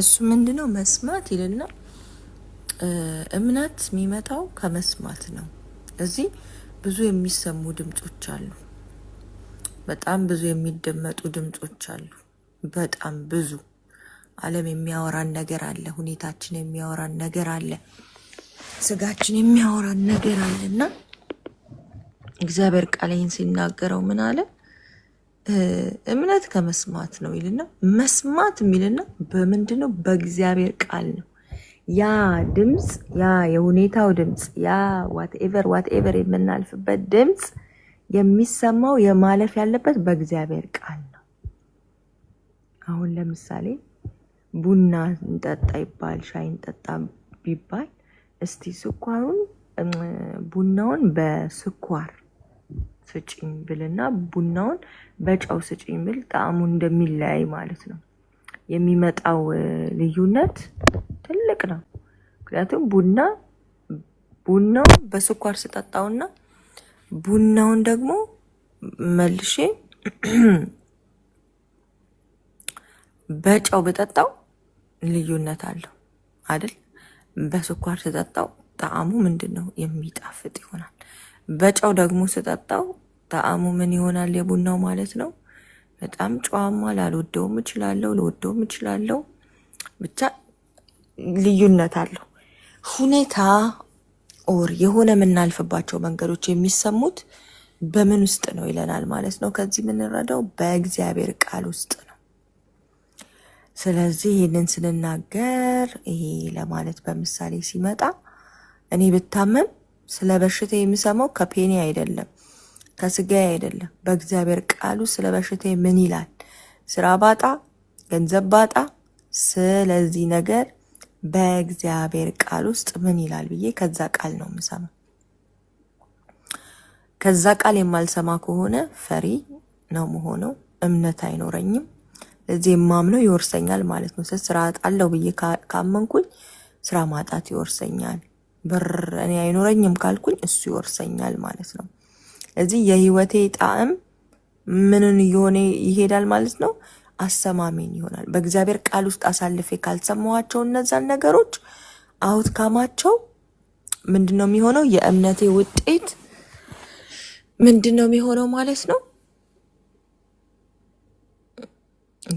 እሱ ምንድነው መስማት ይልና እምነት የሚመጣው ከመስማት ነው። እዚህ ብዙ የሚሰሙ ድምጾች አሉ። በጣም ብዙ የሚደመጡ ድምጾች አሉ። በጣም ብዙ ዓለም የሚያወራን ነገር አለ። ሁኔታችን የሚያወራን ነገር አለ። ስጋችን የሚያወራን ነገር አለ እና እግዚአብሔር ቃሌን ሲናገረው ምን አለ? እምነት ከመስማት ነው ይልና መስማት የሚልና በምንድን ነው? በእግዚአብሔር ቃል ነው። ያ ድምፅ ያ የሁኔታው ድምፅ ያ ዋትኤቨር ዋትኤቨር የምናልፍበት ድምፅ የሚሰማው የማለፍ ያለበት በእግዚአብሔር ቃል ነው። አሁን ለምሳሌ ቡና እንጠጣ ይባል ሻይ እንጠጣ ቢባል እስቲ ስኳሩን ቡናውን በስኳር ስጭኝ ብልና ቡናውን በጨው ስጭኝ ብል ጣዕሙ እንደሚለያይ ማለት ነው። የሚመጣው ልዩነት ትልቅ ነው። ምክንያቱም ቡና ቡናውን በስኳር ስጠጣውና ቡናውን ደግሞ መልሼ በጨው ብጠጣው ልዩነት አለው አይደል? በስኳር ስጠጣው ጣዕሙ ምንድን ነው የሚጣፍጥ ይሆናል። በጨው ደግሞ ስጠጣው ጣዕሙ ምን ይሆናል የቡናው ማለት ነው። በጣም ጨዋማ ላልወደውም እችላለሁ፣ ለወደውም እችላለሁ። ብቻ ልዩነት አለው። ሁኔታ ኦር የሆነ የምናልፍባቸው መንገዶች የሚሰሙት በምን ውስጥ ነው ይለናል ማለት ነው። ከዚህ የምንረዳው በእግዚአብሔር ቃል ውስጥ ነው። ስለዚህ ይህንን ስንናገር ይሄ ለማለት በምሳሌ ሲመጣ እኔ ብታመም ስለ በሽታ የምሰማው ከፔኒ አይደለም ከስጋዬ አይደለም። በእግዚአብሔር ቃሉ ስለ በሽታ ምን ይላል? ስራ ባጣ፣ ገንዘብ ባጣ፣ ስለዚህ ነገር በእግዚአብሔር ቃል ውስጥ ምን ይላል ብዬ ከዛ ቃል ነው የምሰማው ከዛ ቃል የማልሰማ ከሆነ ፈሪ ነው መሆነው፣ እምነት አይኖረኝም። ለዚህ የማምነው ይወርሰኛል ማለት ነው። ስራ አጣለው ብዬ ካመንኩኝ ስራ ማጣት ይወርሰኛል። ብር እኔ አይኖረኝም ካልኩኝ እሱ ይወርሰኛል ማለት ነው። ስለዚህ የህይወቴ ጣዕም ምንን እየሆነ ይሄዳል ማለት ነው? አሰማሚን ይሆናል። በእግዚአብሔር ቃል ውስጥ አሳልፌ ካልሰማኋቸው እነዛን ነገሮች አውትካማቸው ምንድን ነው የሚሆነው? የእምነቴ ውጤት ምንድን ነው የሚሆነው ማለት ነው?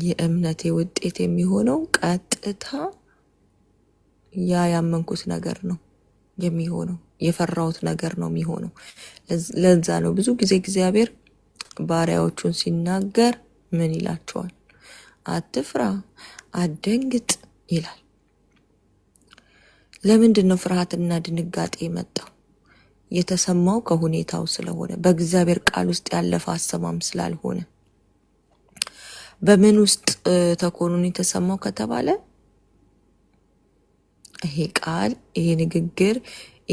የእምነቴ ውጤት የሚሆነው ቀጥታ ያ ያመንኩት ነገር ነው የሚሆነው። የፈራሁት ነገር ነው የሚሆነው። ለዛ ነው ብዙ ጊዜ እግዚአብሔር ባሪያዎቹን ሲናገር ምን ይላቸዋል? አትፍራ፣ አደንግጥ ይላል። ለምንድን ነው ፍርሃትና ድንጋጤ የመጣው? የተሰማው ከሁኔታው ስለሆነ በእግዚአብሔር ቃል ውስጥ ያለፈ አሰማም ስላልሆነ በምን ውስጥ ተኮኑን የተሰማው ከተባለ ይሄ ቃል ይሄ ንግግር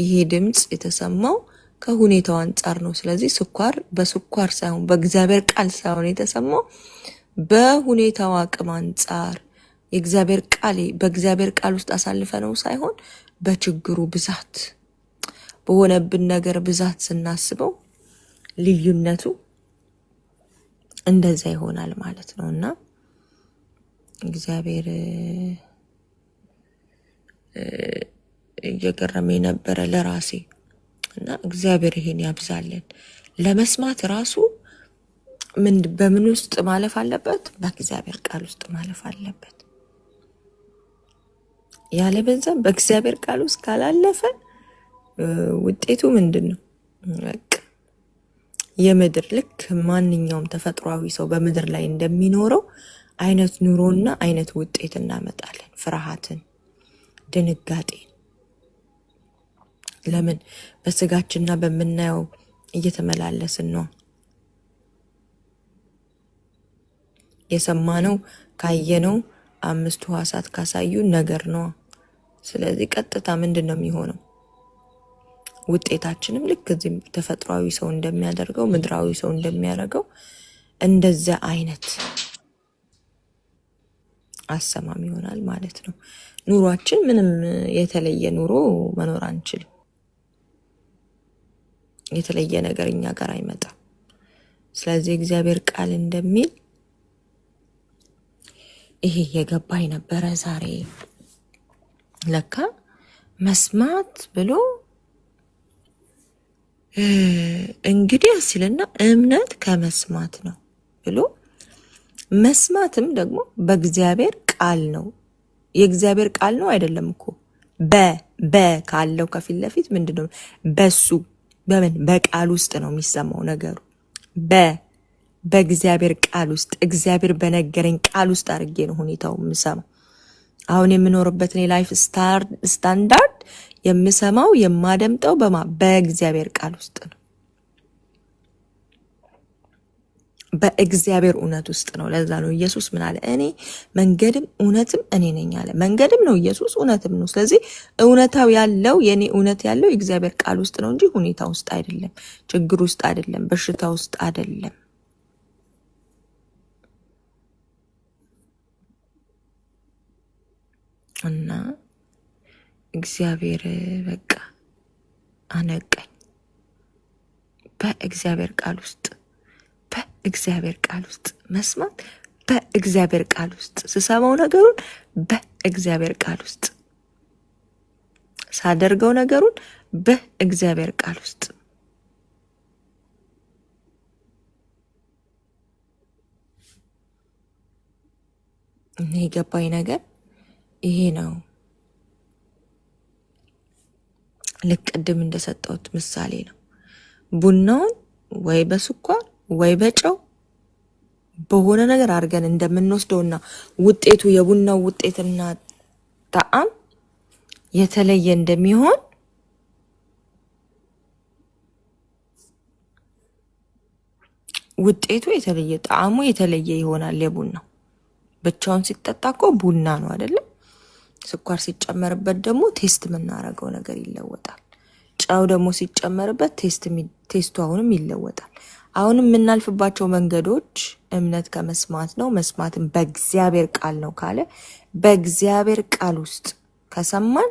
ይሄ ድምፅ የተሰማው ከሁኔታው አንጻር ነው። ስለዚህ ስኳር በስኳር ሳይሆን በእግዚአብሔር ቃል ሳይሆን የተሰማው በሁኔታው አቅም አንጻር የእግዚአብሔር ቃል በእግዚአብሔር ቃል ውስጥ አሳልፈ ነው ሳይሆን በችግሩ ብዛት በሆነብን ነገር ብዛት ስናስበው ልዩነቱ እንደዛ ይሆናል ማለት ነው እና እግዚአብሔር እየገረመ የነበረ ለራሴ እና እግዚአብሔር ይሄን ያብዛልን። ለመስማት ራሱ ምን በምን ውስጥ ማለፍ አለበት? በእግዚአብሔር ቃል ውስጥ ማለፍ አለበት። ያለበዛ በእግዚአብሔር ቃል ውስጥ ካላለፈ ውጤቱ ምንድን ነው? የምድር ልክ ማንኛውም ተፈጥሯዊ ሰው በምድር ላይ እንደሚኖረው አይነት ኑሮና አይነት ውጤት እናመጣለን። ፍርሃትን፣ ድንጋጤን ለምን በስጋችንና በምናየው እየተመላለስን ነው። የሰማነው ካየነው አምስቱ ሕዋሳት ካሳዩ ነገር ነው። ስለዚህ ቀጥታ ምንድን ነው የሚሆነው? ውጤታችንም ልክ እዚህ ተፈጥሯዊ ሰው እንደሚያደርገው ምድራዊ ሰው እንደሚያደርገው እንደዚያ አይነት አሰማም ይሆናል ማለት ነው። ኑሯችን ምንም የተለየ ኑሮ መኖር አንችልም። የተለየ ነገር እኛ ጋር አይመጣም። ስለዚህ እግዚአብሔር ቃል እንደሚል ይሄ የገባኝ ነበረ ዛሬ ለካ መስማት ብሎ እንግዲህ ሲልና እምነት ከመስማት ነው ብሎ መስማትም ደግሞ በእግዚአብሔር ቃል ነው። የእግዚአብሔር ቃል ነው አይደለም እኮ በ በ ካለው ከፊት ለፊት ምንድነው በሱ በምን በቃል ውስጥ ነው የሚሰማው ነገሩ በ በእግዚአብሔር ቃል ውስጥ እግዚአብሔር በነገረኝ ቃል ውስጥ አድርጌ ነው ሁኔታው የምሰማው። አሁን የምኖርበትን የላይፍ ስታንዳርድ የምሰማው የማደምጠው በማ በእግዚአብሔር ቃል ውስጥ ነው። በእግዚአብሔር እውነት ውስጥ ነው። ለዛ ነው ኢየሱስ ምን አለ? እኔ መንገድም እውነትም እኔ ነኝ አለ። መንገድም ነው ኢየሱስ፣ እውነትም ነው። ስለዚህ እውነታው ያለው የእኔ እውነት ያለው የእግዚአብሔር ቃል ውስጥ ነው እንጂ ሁኔታ ውስጥ አይደለም፣ ችግር ውስጥ አይደለም፣ በሽታ ውስጥ አይደለም። እና እግዚአብሔር በቃ አነቀኝ በእግዚአብሔር ቃል ውስጥ እግዚአብሔር ቃል ውስጥ መስማት በእግዚአብሔር ቃል ውስጥ ስሰማው ነገሩን በእግዚአብሔር ቃል ውስጥ ሳደርገው ነገሩን በእግዚአብሔር ቃል ውስጥ እኔ የገባኝ ነገር ይሄ ነው። ልክ ቅድም እንደሰጠሁት ምሳሌ ነው። ቡናውን ወይ በስኳር ወይ በጨው በሆነ ነገር አድርገን እንደምንወስደውና ውጤቱ የቡናው ውጤትና ጣዕም የተለየ እንደሚሆን ውጤቱ የተለየ ጣዕሙ የተለየ ይሆናል። የቡናው ብቻውን ሲጠጣ እኮ ቡና ነው አይደለም። ስኳር ሲጨመርበት ደግሞ ቴስት የምናደርገው ነገር ይለወጣል። ጨው ደግሞ ሲጨመርበት ቴስቱ አሁንም ይለወጣል። አሁን የምናልፍባቸው መንገዶች እምነት ከመስማት ነው። መስማትም በእግዚአብሔር ቃል ነው ካለ በእግዚአብሔር ቃል ውስጥ ከሰማን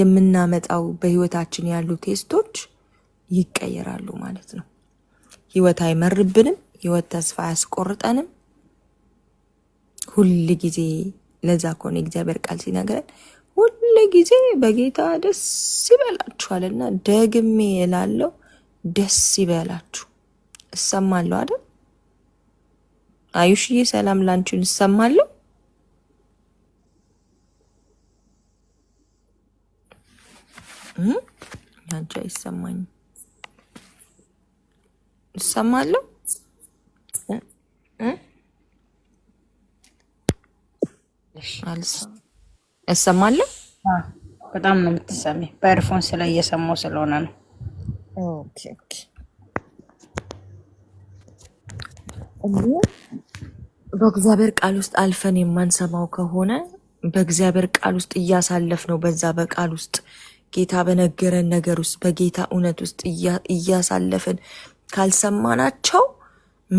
የምናመጣው በህይወታችን ያሉ ቴስቶች ይቀየራሉ ማለት ነው። ህይወት አይመርብንም። ህይወት ተስፋ አያስቆርጠንም። ሁል ጊዜ ለዛ ከሆነ እግዚአብሔር ቃል ሲነግረን ሁል ጊዜ በጌታ ደስ ይበላችኋል። ይበላችኋልና ደግሜ እላለሁ ደስ ይበላችሁ። እሰማለሁ አይደል? አዩሽዬ ሰላም ላንቺን እሰማለሁ። አንቺ አይሰማኝ እሰማለሁ አልሰማም እሰማለ በጣም ነው የምትሰሚ። በኤርፎን ስለ እየሰማው ስለሆነ ነው። ኦኬ ኦኬ። በእግዚአብሔር ቃል ውስጥ አልፈን የማንሰማው ከሆነ በእግዚአብሔር ቃል ውስጥ እያሳለፍ ነው። በዛ በቃል ውስጥ ጌታ በነገረን ነገር ውስጥ በጌታ እውነት ውስጥ እያሳለፍን ካልሰማናቸው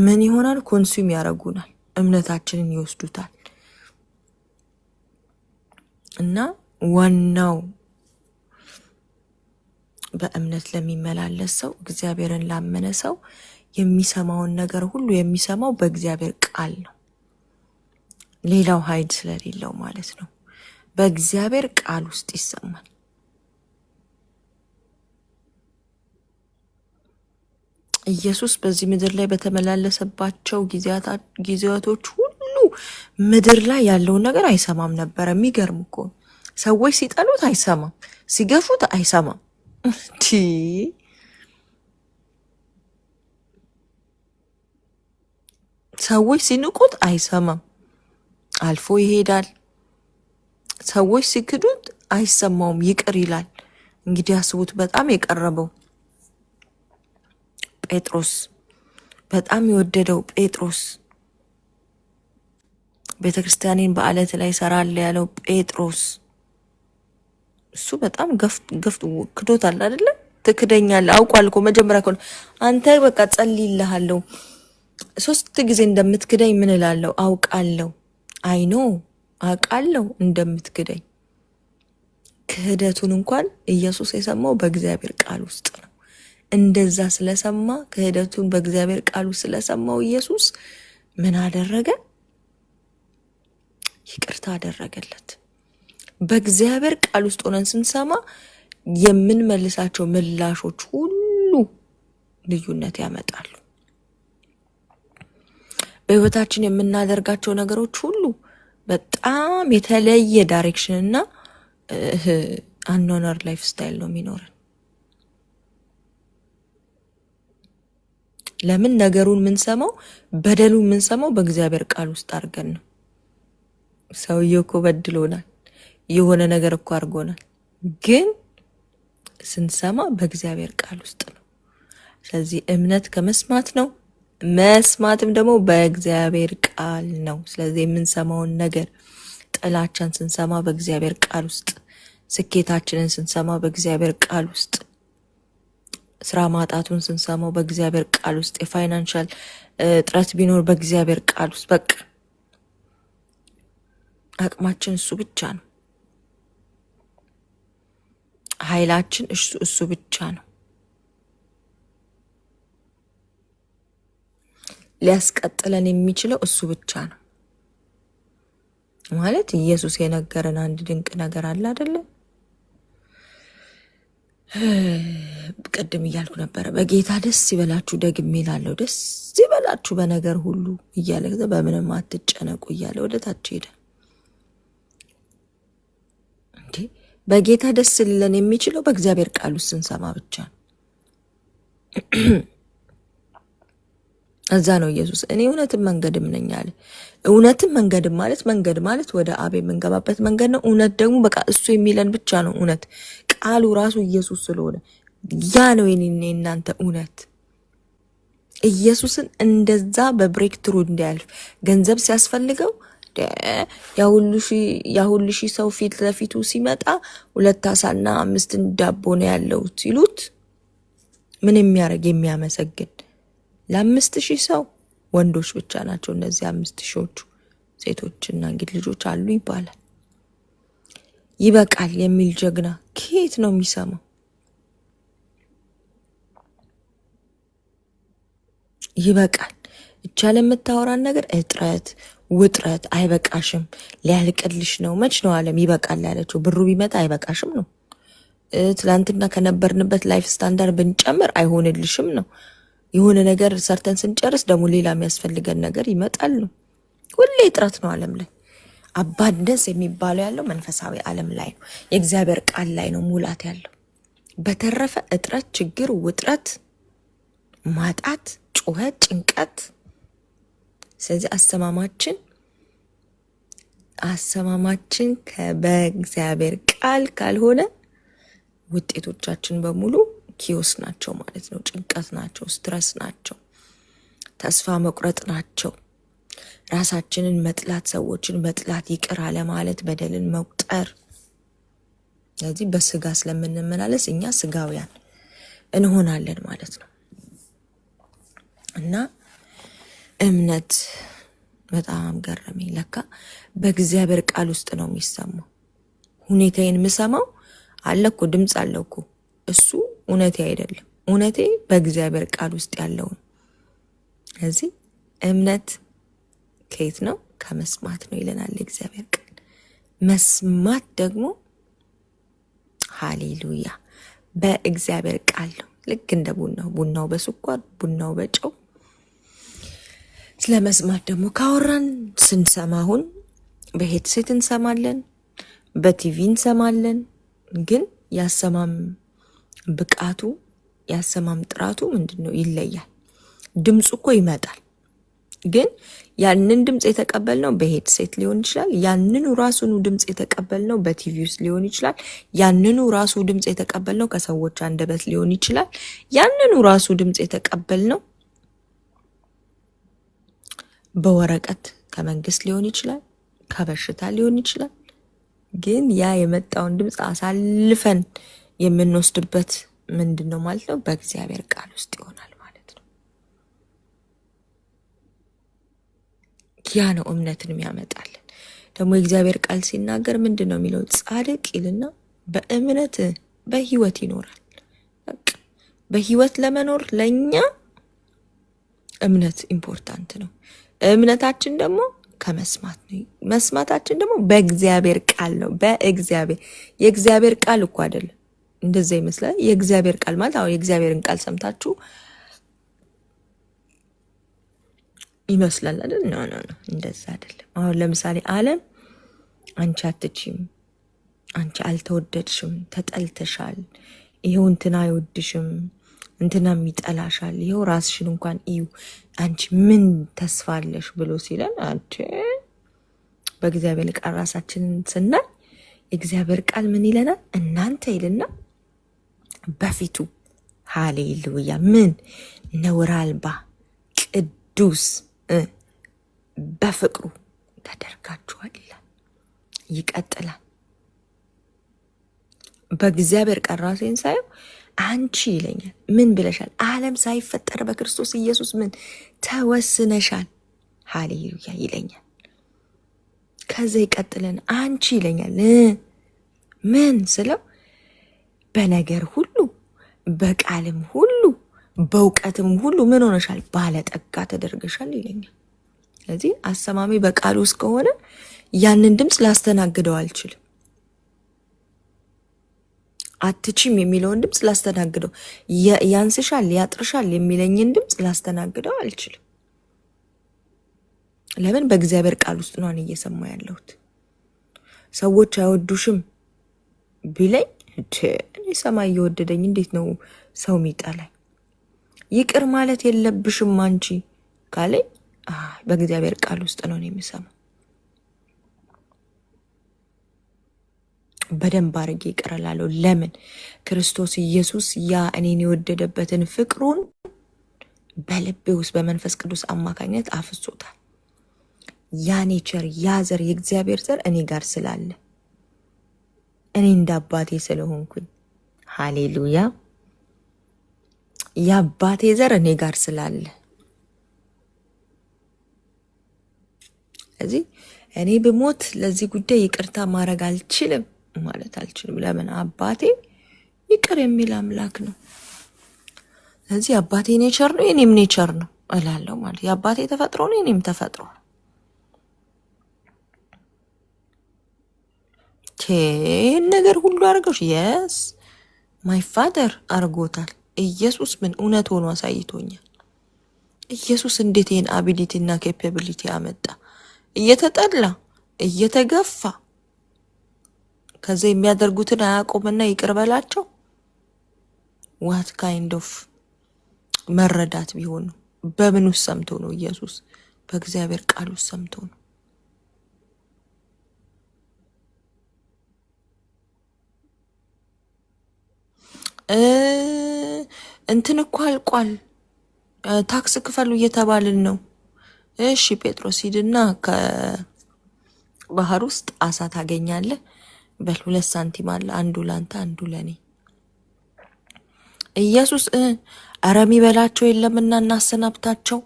ምን ይሆናል? ኮንሱም ያደርጉናል፣ እምነታችንን ይወስዱታል። እና ዋናው በእምነት ለሚመላለስ ሰው እግዚአብሔርን ላመነ ሰው የሚሰማውን ነገር ሁሉ የሚሰማው በእግዚአብሔር ቃል ነው። ሌላው ሀይድ ስለሌለው ማለት ነው። በእግዚአብሔር ቃል ውስጥ ይሰማል። ኢየሱስ በዚህ ምድር ላይ በተመላለሰባቸው ጊዜያቶች ምድር ላይ ያለውን ነገር አይሰማም ነበረ። የሚገርም እኮ ሰዎች ሲጠሉት አይሰማም፣ ሲገፉት አይሰማም። ሰዎች ሲንቁት አይሰማም፣ አልፎ ይሄዳል። ሰዎች ሲክዱት አይሰማውም፣ ይቅር ይላል። እንግዲህ አስቡት፣ በጣም የቀረበው ጴጥሮስ በጣም የወደደው ጴጥሮስ ቤተ ክርስቲያኔን በአለት ላይ ሰራለ ያለው ጴጥሮስ እሱ በጣም ገፍቶ ክዶታል። አይደለም ትክደኛለ አውቋል እኮ መጀመሪያ ከሆነ አንተ በቃ ጸልይልሃለሁ ሶስት ጊዜ እንደምትክደኝ ምን እላለሁ? አውቃለሁ፣ አይኖ አውቃለሁ እንደምትክደኝ። ክህደቱን እንኳን ኢየሱስ የሰማው በእግዚአብሔር ቃል ውስጥ ነው። እንደዛ ስለሰማ ክህደቱን በእግዚአብሔር ቃል ውስጥ ስለሰማው ኢየሱስ ምን አደረገ? ይቅርታ አደረገለት። በእግዚአብሔር ቃል ውስጥ ሆነን ስንሰማ የምንመልሳቸው ምላሾች ሁሉ ልዩነት ያመጣሉ። በህይወታችን የምናደርጋቸው ነገሮች ሁሉ በጣም የተለየ ዳይሬክሽን እና አኗኗር ላይፍ ስታይል ነው የሚኖረን። ለምን ነገሩን የምንሰማው በደሉ የምንሰማው በእግዚአብሔር ቃል ውስጥ አድርገን ነው። ሰውየው እኮ በድሎናል፣ የሆነ ነገር እኮ አድርጎናል። ግን ስንሰማ በእግዚአብሔር ቃል ውስጥ ነው። ስለዚህ እምነት ከመስማት ነው፣ መስማትም ደግሞ በእግዚአብሔር ቃል ነው። ስለዚህ የምንሰማውን ነገር ጥላቻን ስንሰማ በእግዚአብሔር ቃል ውስጥ፣ ስኬታችንን ስንሰማ በእግዚአብሔር ቃል ውስጥ፣ ስራ ማጣቱን ስንሰማው በእግዚአብሔር ቃል ውስጥ፣ የፋይናንሻል እጥረት ቢኖር በእግዚአብሔር ቃል ውስጥ በቃ አቅማችን እሱ ብቻ ነው። ኃይላችን እሱ እሱ ብቻ ነው። ሊያስቀጥለን የሚችለው እሱ ብቻ ነው ማለት ኢየሱስ የነገረን አንድ ድንቅ ነገር አለ አይደለ? ቅድም እያልኩ ነበረ። በጌታ ደስ ይበላችሁ፣ ደግሜ እላለሁ ደስ ይበላችሁ በነገር ሁሉ እያለ በምንም አትጨነቁ እያለ ወደ ታች ሄደን በጌታ ደስ ሊለን የሚችለው በእግዚአብሔር ቃሉ ስንሰማ ብቻ ነው። እዛ ነው ኢየሱስ እኔ እውነትም መንገድም ነኝ አለ። እውነትም መንገድም ማለት መንገድ ማለት ወደ አብ የምንገባበት መንገድ ነው። እውነት ደግሞ በቃ እሱ የሚለን ብቻ ነው። እውነት ቃሉ ራሱ ኢየሱስ ስለሆነ ያ ነው የኔ እናንተ እውነት ኢየሱስን እንደዛ በብሬክ ትሩ እንዲያልፍ ገንዘብ ሲያስፈልገው ያሁሉ ሺህ ሰው ፊት ለፊቱ ሲመጣ ሁለት አሳና አምስትን ዳቦ ነው ያለው ሲሉት ምን የሚያደርግ የሚያመሰግን ለአምስት ሺህ ሰው ወንዶች ብቻ ናቸው። እነዚህ አምስት ሺዎቹ ሴቶችና እንግዲህ ልጆች አሉ ይባላል። ይበቃል የሚል ጀግና ከየት ነው የሚሰማው? ይበቃል። ይቻል የምታወራን ነገር እጥረት ውጥረት አይበቃሽም፣ ሊያልቅልሽ ነው። መች ነው አለም ይበቃል ያለችው? ብሩ ቢመጣ አይበቃሽም ነው። ትላንትና ከነበርንበት ላይፍ ስታንዳርድ ብንጨምር አይሆንልሽም ነው። የሆነ ነገር ሰርተን ስንጨርስ ደግሞ ሌላ የሚያስፈልገን ነገር ይመጣል ነው። ሁሌ ጥረት ነው አለም ላይ አባደንስ የሚባለው ያለው መንፈሳዊ አለም ላይ ነው። የእግዚአብሔር ቃል ላይ ነው ሙላት ያለው። በተረፈ እጥረት፣ ችግር፣ ውጥረት፣ ማጣት፣ ጩኸት፣ ጭንቀት ስለዚህ አሰማማችን አሰማማችን በእግዚአብሔር ቃል ካልሆነ ውጤቶቻችን በሙሉ ኪዮስ ናቸው ማለት ነው። ጭንቀት ናቸው፣ ስትረስ ናቸው፣ ተስፋ መቁረጥ ናቸው። ራሳችንን መጥላት፣ ሰዎችን መጥላት፣ ይቅር አለማለት፣ በደልን መቁጠር። ስለዚህ በስጋ ስለምንመላለስ እኛ ስጋውያን እንሆናለን ማለት ነው እና እምነት በጣም ገረመኝ። ለካ በእግዚአብሔር ቃል ውስጥ ነው የሚሰማው። ሁኔታዬን የምሰማው አለኩ ድምፅ አለኩ። እሱ እውነቴ አይደለም፣ እውነቴ በእግዚአብሔር ቃል ውስጥ ያለው ነው። ስለዚህ እምነት ከየት ነው? ከመስማት ነው ይለናል እግዚአብሔር ቃል። መስማት ደግሞ ሃሌሉያ በእግዚአብሔር ቃል ነው። ልክ እንደ ቡናው ቡናው በስኳር ቡናው በጨው ስለ መስማት ደግሞ ካወራን ስንሰማ አሁን በሄድሴት እንሰማለን፣ በቲቪ እንሰማለን። ግን ያሰማም ብቃቱ ያሰማም ጥራቱ ምንድን ነው ይለያል። ድምፁ እኮ ይመጣል፣ ግን ያንን ድምፅ የተቀበልነው በሄድሴት ሊሆን ይችላል። ያንኑ ራሱኑ ድምፅ የተቀበልነው በቲቪ ውስጥ ሊሆን ይችላል። ያንኑ ራሱ ድምፅ የተቀበልነው ከሰዎች አንደበት ሊሆን ይችላል። ያንኑ ራሱ ድምፅ የተቀበልነው በወረቀት ከመንግስት ሊሆን ይችላል፣ ከበሽታ ሊሆን ይችላል። ግን ያ የመጣውን ድምፅ አሳልፈን የምንወስድበት ምንድን ነው ማለት ነው? በእግዚአብሔር ቃል ውስጥ ይሆናል ማለት ነው። ያ ነው እምነትንም ያመጣልን። ደግሞ የእግዚአብሔር ቃል ሲናገር ምንድን ነው የሚለው? ጻድቅ ይልና በእምነት በህይወት ይኖራል። በህይወት ለመኖር ለእኛ እምነት ኢምፖርታንት ነው። እምነታችን ደግሞ ከመስማት ነው። መስማታችን ደግሞ በእግዚአብሔር ቃል ነው። በእግዚአብሔር የእግዚአብሔር ቃል እኮ አይደለም እንደዛ ይመስላል። የእግዚአብሔር ቃል ማለት አሁን የእግዚአብሔርን ቃል ሰምታችሁ ይመስላል አይደል? ኖ ኖ ኖ፣ እንደዛ አይደለም። አሁን ለምሳሌ ዓለም አንቺ አትችም፣ አንቺ አልተወደድሽም፣ ተጠልተሻል፣ ይሄው እንትን አይወድሽም እንትናም ይጠላሻል፣ ይኸው ራስሽን እንኳን እዩ፣ አንቺ ምን ተስፋ አለሽ ብሎ ሲለን አንቺ በእግዚአብሔር ቃል ራሳችንን ስናይ እግዚአብሔር ቃል ምን ይለናል? እናንተ ይልና በፊቱ ሃሌሉያ ምን ነውር አልባ ቅዱስ በፍቅሩ ተደርጋችኋል ይላል። ይቀጥላል። በእግዚአብሔር ቃል ራሴን ሳየው አንቺ ይለኛል ምን ብለሻል? ዓለም ሳይፈጠር በክርስቶስ ኢየሱስ ምን ተወስነሻል? ሃሌሉያ ይለኛል። ከዚ ይቀጥልን አንቺ ይለኛል ምን ስለው በነገር ሁሉ በቃልም ሁሉ በእውቀትም ሁሉ ምን ሆነሻል? ባለጠጋ ተደርገሻል ይለኛል። ስለዚህ አሰማሚ በቃሉ እስከሆነ ያንን ድምፅ ላስተናግደው አልችልም። አትችም የሚለውን ድምፅ ላስተናግደው፣ ያንስሻል፣ ያጥርሻል የሚለኝን ድምፅ ላስተናግደው አልችልም። ለምን? በእግዚአብሔር ቃል ውስጥ ነን እየሰማ ያለሁት። ሰዎች አይወዱሽም ቢለኝ እኔ ሰማይ እየወደደኝ እንዴት ነው ሰው ሚጠላኝ? ይቅር ማለት የለብሽም አንቺ ካለኝ በእግዚአብሔር ቃል ውስጥ ነው የምሰማው። በደንብ አድርጌ ይቅር እላለሁ። ለምን ክርስቶስ ኢየሱስ ያ እኔን የወደደበትን ፍቅሩን በልቤ ውስጥ በመንፈስ ቅዱስ አማካኝነት አፍሶታል። ያ ኔቸር፣ ያ ዘር፣ የእግዚአብሔር ዘር እኔ ጋር ስላለ እኔ እንደ አባቴ ስለሆንኩኝ፣ ሃሌሉያ። የአባቴ ዘር እኔ ጋር ስላለ እዚህ እኔ ብሞት ለዚህ ጉዳይ ይቅርታ ማድረግ አልችልም ማለት አልችልም። ለምን አባቴ ይቅር የሚል አምላክ ነው። ስለዚህ አባቴ ኔቸር ነው የኔም ኔቸር ነው እላለሁ። ማለት የአባቴ ተፈጥሮ ነው የኔም ተፈጥሮ ነው። ይህን ነገር ሁሉ አድርገውሽ የስ ማይ ፋደር አድርጎታል። ኢየሱስ ምን እውነት ሆኖ አሳይቶኛል። ኢየሱስ እንዴት ይህን አቢሊቲ እና ኬፓቢሊቲ አመጣ? እየተጠላ እየተገፋ ከዚ የሚያደርጉትን አያቁምና ይቅርበላቸው። ዋት ካይንድ ኦፍ መረዳት ቢሆን ነው? በምን ውስጥ ሰምቶ ነው ኢየሱስ? በእግዚአብሔር ቃል ውስጥ ሰምቶ ነው። እንትን እኮ አልቋል፣ ታክስ ክፈሉ እየተባልን ነው። እሺ ጴጥሮስ ሂድና ከባህር ውስጥ አሳ ታገኛለህ በል ሁለት ሳንቲም አለ፣ አንዱ ላንተ፣ አንዱ ለኔ። ኢየሱስ እረ የሚበላቸው የለምና እናሰናብታቸው።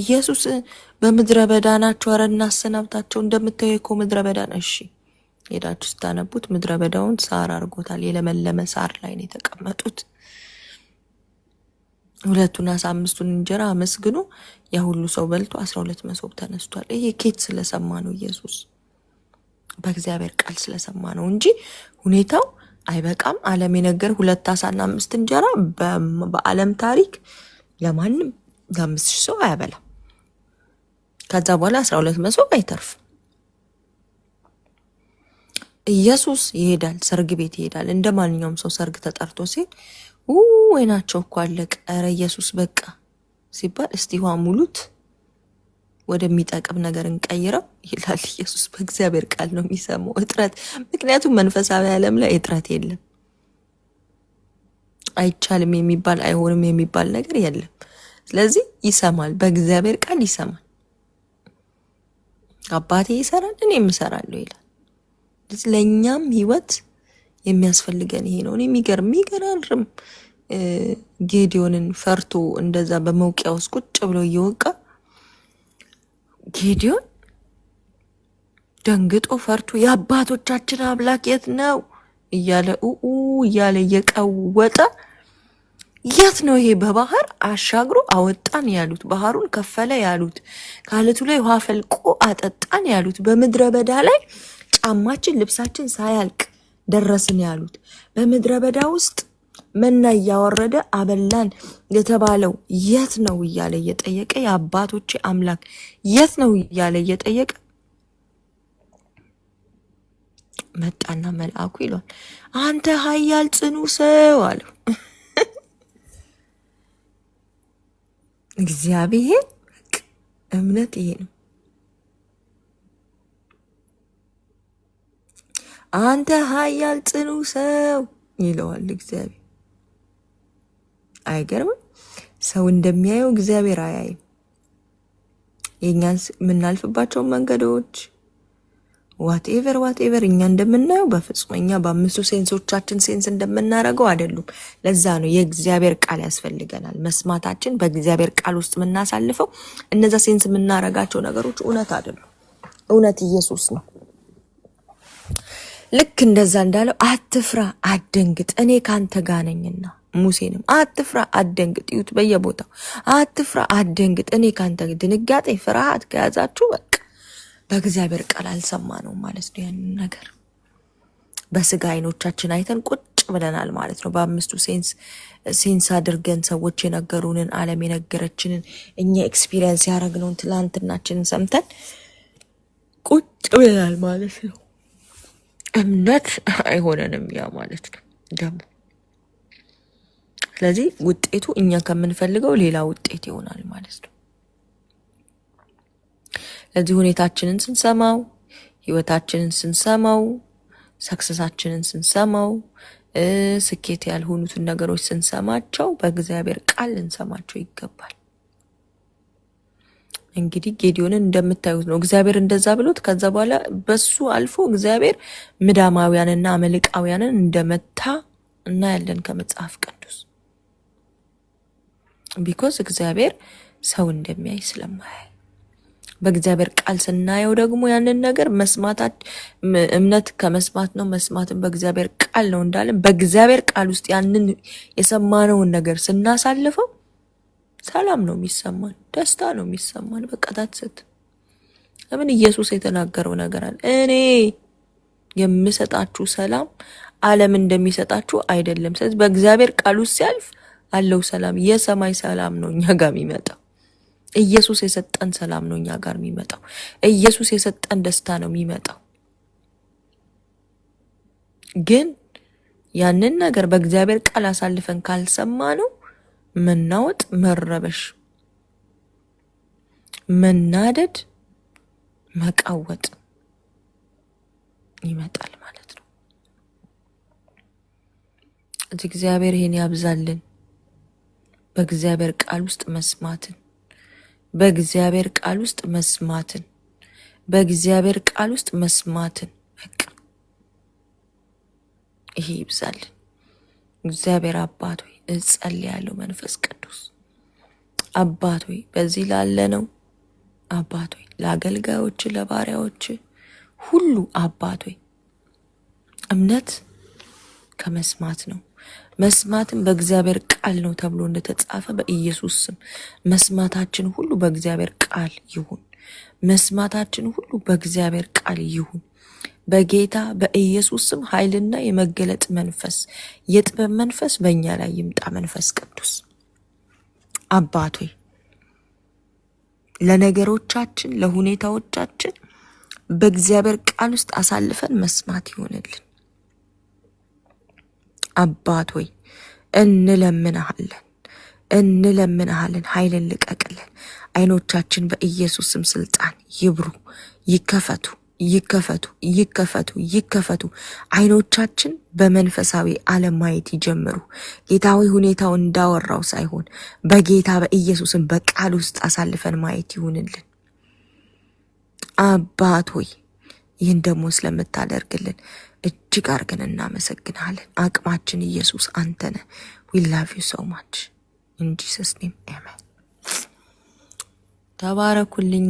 ኢየሱስ በምድረ በዳ ናቸው፣ ኧረ እናሰናብታቸው። እንደምታየው እኮ ምድረ በዳ ነው። እሺ ሄዳችሁ ስታነቡት ምድረ በዳውን ሳር አድርጎታል። የለመለመ ሳር ላይ ነው የተቀመጡት። ሁለቱን አሳ አምስቱን እንጀራ አመስግኑ ያ ሁሉ ሰው በልቶ አስራ ሁለት መሶብ ተነስቷል። ይሄ ኬት ስለሰማ ነው ኢየሱስ በእግዚአብሔር ቃል ስለሰማ ነው እንጂ ሁኔታው አይበቃም። ዓለም የነገር ሁለት አሳና አምስት እንጀራ በዓለም ታሪክ ለማንም ለአምስት ሺህ ሰው አያበላም። ከዛ በኋላ አስራ ሁለት መሶብ አይተርፍም። ኢየሱስ ይሄዳል፣ ሰርግ ቤት ይሄዳል። እንደ ማንኛውም ሰው ሰርግ ተጠርቶ ሲል ወይናቸው እኮ አለቀ፣ ኧረ ኢየሱስ በቃ ሲባል እስቲ ውሃ ሙሉት ወደሚጠቅም ነገር እንቀይረው ይላል ኢየሱስ። በእግዚአብሔር ቃል ነው የሚሰማው እጥረት። ምክንያቱም መንፈሳዊ ዓለም ላይ እጥረት የለም። አይቻልም የሚባል አይሆንም የሚባል ነገር የለም። ስለዚህ ይሰማል፣ በእግዚአብሔር ቃል ይሰማል። አባቴ ይሰራል እኔም እሰራለሁ ይላል። ለእኛም ህይወት የሚያስፈልገን ይሄ ነው። የሚገርም ጌዲዮንን ፈርቶ እንደዛ በመውቂያ ውስጥ ቁጭ ብሎ እየወቃ ጌዲዮን ደንግጦ ፈርቶ የአባቶቻችን አምላክ የት ነው እያለ ኡኡ እያለ እየቀወጠ የት ነው ይሄ በባህር አሻግሮ አወጣን ያሉት፣ ባህሩን ከፈለ ያሉት፣ ካለቱ ላይ ውሃ ፈልቆ አጠጣን ያሉት፣ በምድረ በዳ ላይ ጫማችን ልብሳችን ሳያልቅ ደረስን ያሉት፣ በምድረ በዳ ውስጥ መና እያወረደ አበላን የተባለው የት ነው እያለ እየጠየቀ የአባቶች አምላክ የት ነው እያለ እየጠየቀ መጣና መልአኩ ይሏል፣ አንተ ኃያል ጽኑ ሰው አለው። እግዚአብሔር እምነት ይሄ ነው። አንተ ኃያል ጽኑ ሰው ይለዋል እግዚአብሔር። አይገርምም? ሰው እንደሚያየው እግዚአብሔር አያይም። የእኛን የምናልፍባቸውን መንገዶች ዋትኤቨር ዋትኤቨር እኛ እንደምናየው በፍጹም እኛ በአምስቱ ሴንሶቻችን ሴንስ እንደምናደርገው አይደሉም። ለዛ ነው የእግዚአብሔር ቃል ያስፈልገናል። መስማታችን በእግዚአብሔር ቃል ውስጥ የምናሳልፈው እነዛ ሴንስ የምናደርጋቸው ነገሮች እውነት አይደሉም። እውነት ኢየሱስ ነው። ልክ እንደዛ እንዳለው አትፍራ፣ አደንግጥ እኔ ካንተ ጋር ነኝና ሙሴንም አትፍራ አደንግጥ ይዩት በየቦታው አትፍራ አደንግጥ እኔ ካንተ ድንጋጤ ፍርሃት ከያዛችሁ በቃ በእግዚአብሔር ቃል አልሰማ ነው ማለት ነው። ያንን ነገር በስጋ አይኖቻችን አይተን ቁጭ ብለናል ማለት ነው። በአምስቱ ሴንስ ሴንስ አድርገን ሰዎች የነገሩንን ዓለም የነገረችንን እኛ ኤክስፒሪየንስ ያደረግነውን ትላንትናችንን ሰምተን ቁጭ ብለናል ማለት ነው። እምነት አይሆነንም ያ ማለት ነው ደግሞ ስለዚህ ውጤቱ እኛ ከምንፈልገው ሌላ ውጤት ይሆናል ማለት ነው። ለዚህ ሁኔታችንን ስንሰማው፣ ህይወታችንን ስንሰማው፣ ሰክሰሳችንን ስንሰማው፣ ስኬት ያልሆኑትን ነገሮች ስንሰማቸው በእግዚአብሔር ቃል ልንሰማቸው ይገባል። እንግዲህ ጌዲዮንን እንደምታዩት ነው። እግዚአብሔር እንደዛ ብሎት ከዛ በኋላ በሱ አልፎ እግዚአብሔር ምዳማውያንና አመልቃውያንን እንደመታ እናያለን ከመጽሐፍ ቅዱስ። ቢኮዝ እግዚአብሔር ሰው እንደሚያይ ስለማያይ በእግዚአብሔር ቃል ስናየው ደግሞ ያንን ነገር መስማታት እምነት ከመስማት ነው፣ መስማትን በእግዚአብሔር ቃል ነው እንዳለን በእግዚአብሔር ቃል ውስጥ ያንን የሰማነውን ነገር ስናሳልፈው ሰላም ነው የሚሰማን፣ ደስታ ነው የሚሰማን። በቃ ታትስት ለምን ኢየሱስ የተናገረው ነገር አለ። እኔ የምሰጣችሁ ሰላም ዓለም እንደሚሰጣችሁ አይደለም። ስለዚህ በእግዚአብሔር ቃል ውስጥ ሲያልፍ ያለው ሰላም የሰማይ ሰላም ነው እኛ ጋር የሚመጣው። ኢየሱስ የሰጠን ሰላም ነው እኛ ጋር የሚመጣው። ኢየሱስ የሰጠን ደስታ ነው የሚመጣው። ግን ያንን ነገር በእግዚአብሔር ቃል አሳልፈን ካልሰማ ነው መናወጥ፣ መረበሽ፣ መናደድ፣ መቃወጥ ይመጣል ማለት ነው። እግዚአብሔር ይሄን ያብዛልን። በእግዚአብሔር ቃል ውስጥ መስማትን በእግዚአብሔር ቃል ውስጥ መስማትን በእግዚአብሔር ቃል ውስጥ መስማትን በቃ ይሄ ይብዛልን። እግዚአብሔር አባት ሆይ እጸልያለሁ። መንፈስ ቅዱስ አባት ሆይ በዚህ ላለነው አባት ሆይ ለአገልጋዮች ለባሪያዎች ሁሉ አባት ሆይ እምነት ከመስማት ነው። መስማትም በእግዚአብሔር ቃል ነው ተብሎ እንደተጻፈ በኢየሱስ ስም መስማታችን ሁሉ በእግዚአብሔር ቃል ይሁን። መስማታችን ሁሉ በእግዚአብሔር ቃል ይሁን። በጌታ በኢየሱስ ስም ኃይልና የመገለጥ መንፈስ፣ የጥበብ መንፈስ በእኛ ላይ ይምጣ። መንፈስ ቅዱስ አባት ሆይ ለነገሮቻችን፣ ለሁኔታዎቻችን በእግዚአብሔር ቃል ውስጥ አሳልፈን መስማት ይሆንልን። አባት ሆይ እንለምንሃለን እንለምንሃለን ኃይልን ልቀቅልን። አይኖቻችን በኢየሱስም ስልጣን ይብሩ፣ ይከፈቱ፣ ይከፈቱ፣ ይከፈቱ፣ ይከፈቱ። አይኖቻችን በመንፈሳዊ ዓለም ማየት ይጀምሩ። ጌታዊ ሁኔታው እንዳወራው ሳይሆን በጌታ በኢየሱስን በቃል ውስጥ አሳልፈን ማየት ይሁንልን። አባት ሆይ ይህን ደግሞ ስለምታደርግልን እጅግ አርገን እናመሰግናለን። አቅማችን ኢየሱስ አንተ ነህ። ዊ ላቭ ዩ ሶ ማች ኢን ጂሰስ ኔም አሜን። ተባረኩልኝ።